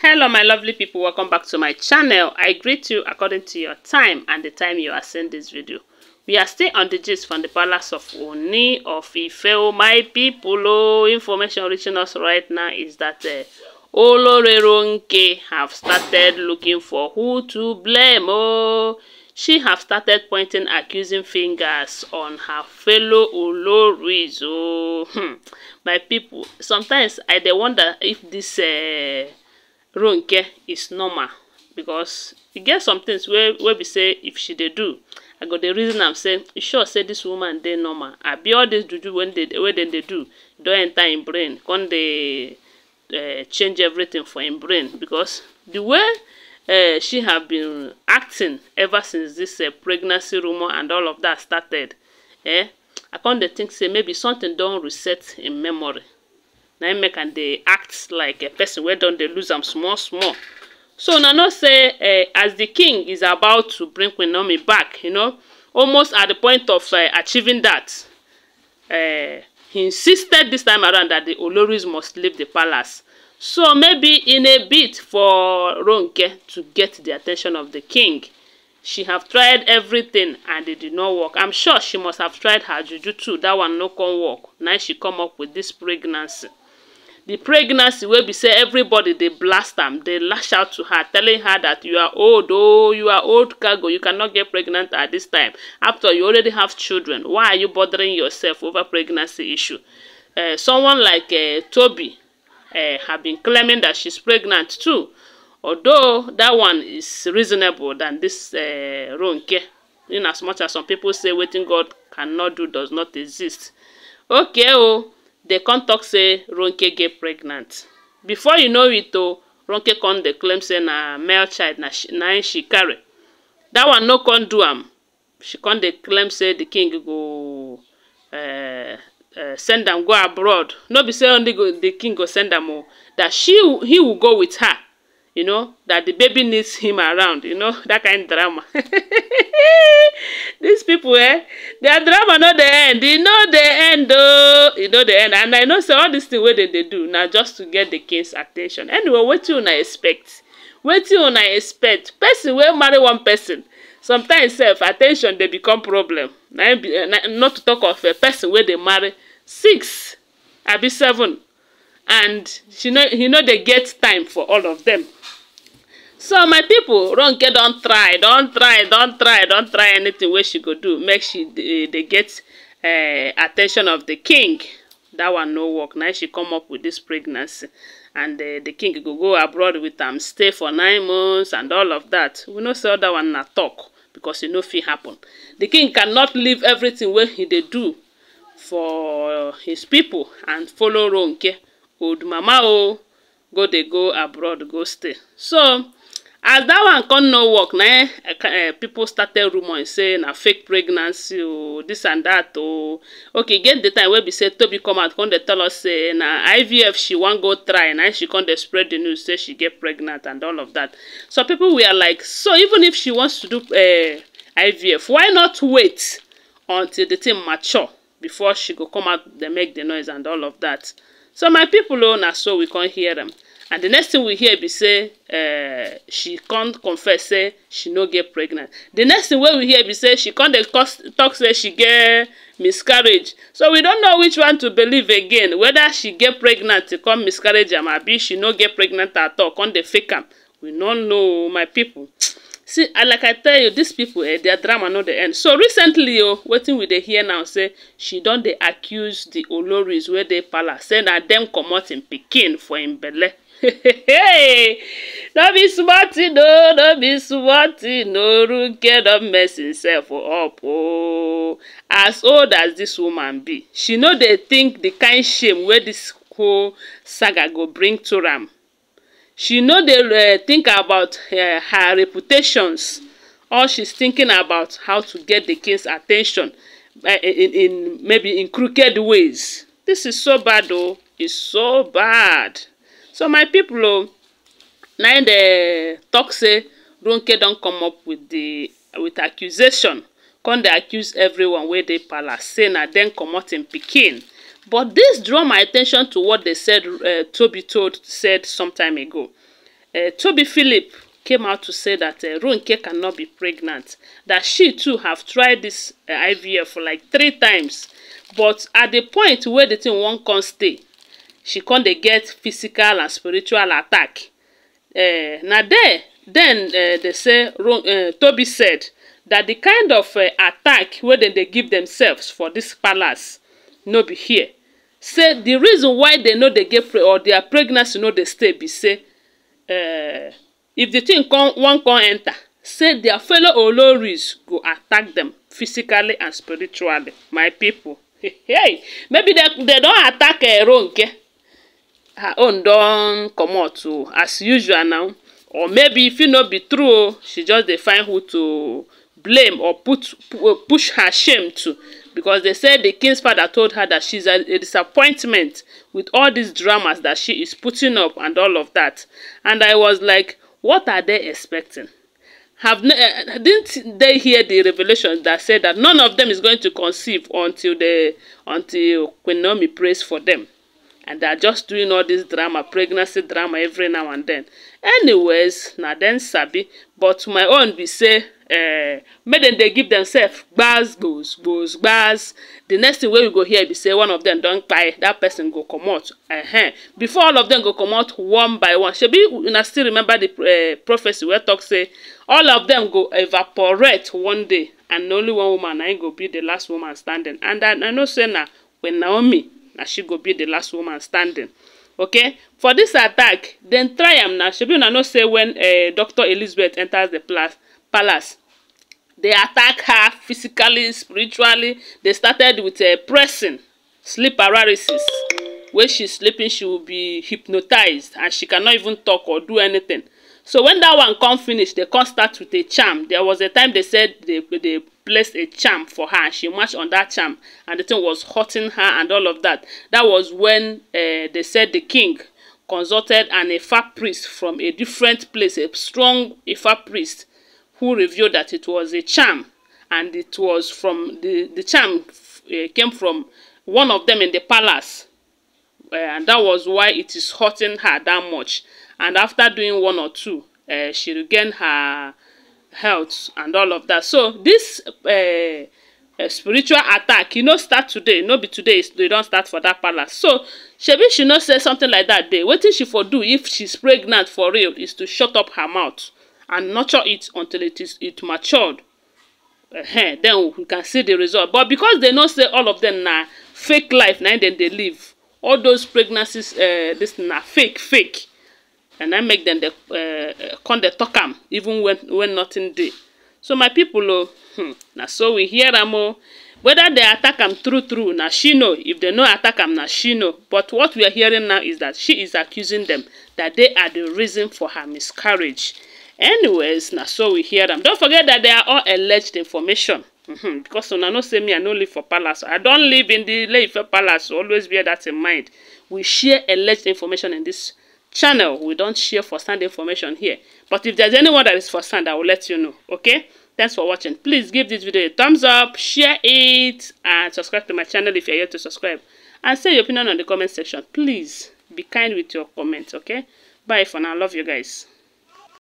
hello my lovely people welcome back to my channel i greet you according to your time and the time you are seeing this video we are still on the gist from the palace of Oni of Ife oh my people oh information reaching us right now is that uh, Olore Ronke have started looking for who to blame oh she have started pointing accusing fingers on her fellow Oloris oh my people sometimes i wonder if this uh, ronke is normal because e get some things wey wey be say if she dey do i go dey reason am say you sure say this woman dey normal abi all dis juju wey dey wey dem dey do don enter im brain come dey uh, change everything for im brain because the way uh, she have been acting ever since this uh, pregnancy rumor and all of that started eh i come dey think say maybe something don reset im memory na im make am dey act like a person wey don dey lose am small small so una know say eh, as the king is about to bring queen naomi back you know almost at the point of eh, achieving dat eh, he insisted this time around that the oloris must leave the palace so maybe in a bid for ronke to get di attention of the king she have tried everything and it did not work i'm sure she must have tried her juju too That one no come work Now she come up with this pregnancy The pregnancy wey be say everybody dey blast am dey lash out to her telling her that you are old oh you are old cargo you cannot get pregnant at this time after you already have children why are you bothering yourself over pregnancy issue uh, someone like uh, Toby uh, have been claiming that she's pregnant too although that one is reasonable than this uh, Ronke in as much as some people say waiting God cannot do does not exist okay Oh dem come talk say ronke get pregnant before you know it oh, ronke come dey claim say na male child na na she carry That one no come do am she come dey claim say the king go uh, uh, send them go abroad no be say only go di king go send them. Oh, that she he will go with her you know, that the baby needs him around, you know, that kind of drama. These people, eh, their drama not the end. You e know the end, though. You e know the end. And I know so all this the what did they do now just to get the king's attention. Anyway, what do you expect? What do you expect? Person will marry one person. Sometimes self attention they become problem. Not to talk of a person where they marry six, I be seven. And she know he know they get time for all of them so my people, ronke don't try don't try don't try don't try anything. Where she go do make she they eh, get eh, attention of the king That one no work Now she come up with this pregnancy and eh, the king go go abroad with them, stay for nine months and all of that. we know say all one na talk because you e no fit happen The king cannot leave everything where he they do for his people and follow ronke old mama o go they go abroad go stay so as that one come no work na eh, eh, people started rumouring say na fake pregnancy o oh, this and that. o oh. okay get the time wey be say tobi come out come dey tell us say na ivf she wan go try na eh, she come dey spread the news say she get pregnant and all of that. so people were like so even if she wants to do uh, eh, ivf why not wait until the thing mature before she go come out dey make the noise and all of that. so my people o oh, na so we come hear am and the next thing we hear be say uh, she come confess say she no get pregnant the next thing wey we hear be say she come dey talk say she get miscarriage so we don know which one to believe again whether she get pregnant to come miscarriage am abi she no get pregnant at all come dey fake am we no know my people see like i tell you these people, eh their drama no dey end so recently o oh, wetin we dey hear now say she don dey accuse the oloris wey dey palace say na dem comot im pikin for im belle no be small tin o no be small tin o Runke don mess himself up oh. as old as this woman be she know they think the kind shame where this whole saga go bring to Ram. she know they uh, eh, think about uh, her reputations or she's thinking about how to get the king's attention uh, in, in maybe in crooked ways this is so bad oh! it's so bad so my people o na im dey talk say ronke don come up with the with accusation come dey accuse everyone wey dey palace say na dem comot im pikin but this draw my at ten tion to what they said uh, toby told said some time ago uh, toby philip came out to say that uh, Ronke cannot be pregnant, that she too have tried this uh, IVF for like three times, but at the point where the thing won't come stay, she come dey get physical and spiritual attack uh, na there then uh, eh, they say uh, eh, toby said that the kind of uh, attack wey dem dey give themselves for this palace no be here say the reason why they no dey get pre or their pregnancy no dey stay be say uh, if the thing come wan come enter say their fellow oloris go attack them physically and spiritually my people hey, maybe they, they don attack uh, ronke her own oh, don come out o as usual now or maybe e fit no be true o she just dey find who to blame or put push her shame to because they said the king's father told her that she's a, a disappointment with all these dramas that she is putting up and all of that and I was like what are they expecting have no, uh, eh, eh, didn't they hear the revelation that said that none of them is going to conceive until they until Queen Naomi prays for them and they are just doing all this drama pregnancy drama every now and then anyways now then, sabi but my own we say uh, make dem dey give themselves bars, goes, goes bars. the next thing wey we go here, we say one of them don't kpai that person go come out. uh -huh. before all of them go come out one by one you una still remember the uh, prophecy wey talk say all of them go evaporate one day and only one woman I go be the last woman standing and i, I know say na when naomi na she go be the last woman standing okay for this attack then try am na shebi una know say wen eh, dr elizabeth enters the palace they attack her physically spiritually They started with eh, pressing sleep paralysis wey she sleeping she will be hypnotized and she cannot even talk or do anything So when that one come finish, they come start with a charm. There was a time they said they, they placed a charm for her. She marched on that charm and the thing was hurting her and all of that. That was when uh, they said the king consulted an Ifa priest from a different place, a strong Ifa priest, who revealed that it was a charm and it was from the, the charm uh, came from one of them in the palace. Uh, and that was why it is hurting her that much and after doing one or two uh, she regained her health and all of that so this uh, uh, spiritual attack you e know, start today no be today They don't start for that palace so shebi she know say something like that dey wetin she for do if she's pregnant for real is to shut up her mouth and nurture it until it is it matured uh -huh. then we can see the result but because they know say all of them na fake life na then they live all those pregnancies uh, this na fake fake and i make them the uh, uh, con the dey talk am even when when nothing dey so my people o oh, hmm, na so we hear am o oh. whether they attack am true true na she know if they no attack am na she know but what we are hearing now is that she is accusing them that they are the reason for her miscarriage anyways na so we hear am don't forget that they are all alleged information mm -hmm. because una no say me i no live for palace i don't live in the ile ife palace always bear that in mind we share alleged information in this channel. We don't share for stand information here. But if there's anyone that is for stand, I will let you know. Okay? Thanks for watching. Please give this video a thumbs up, share it, and subscribe to my channel if you're yet to subscribe. And say your opinion on the comment section. Please be kind with your comments, okay? Bye for now. Love you guys.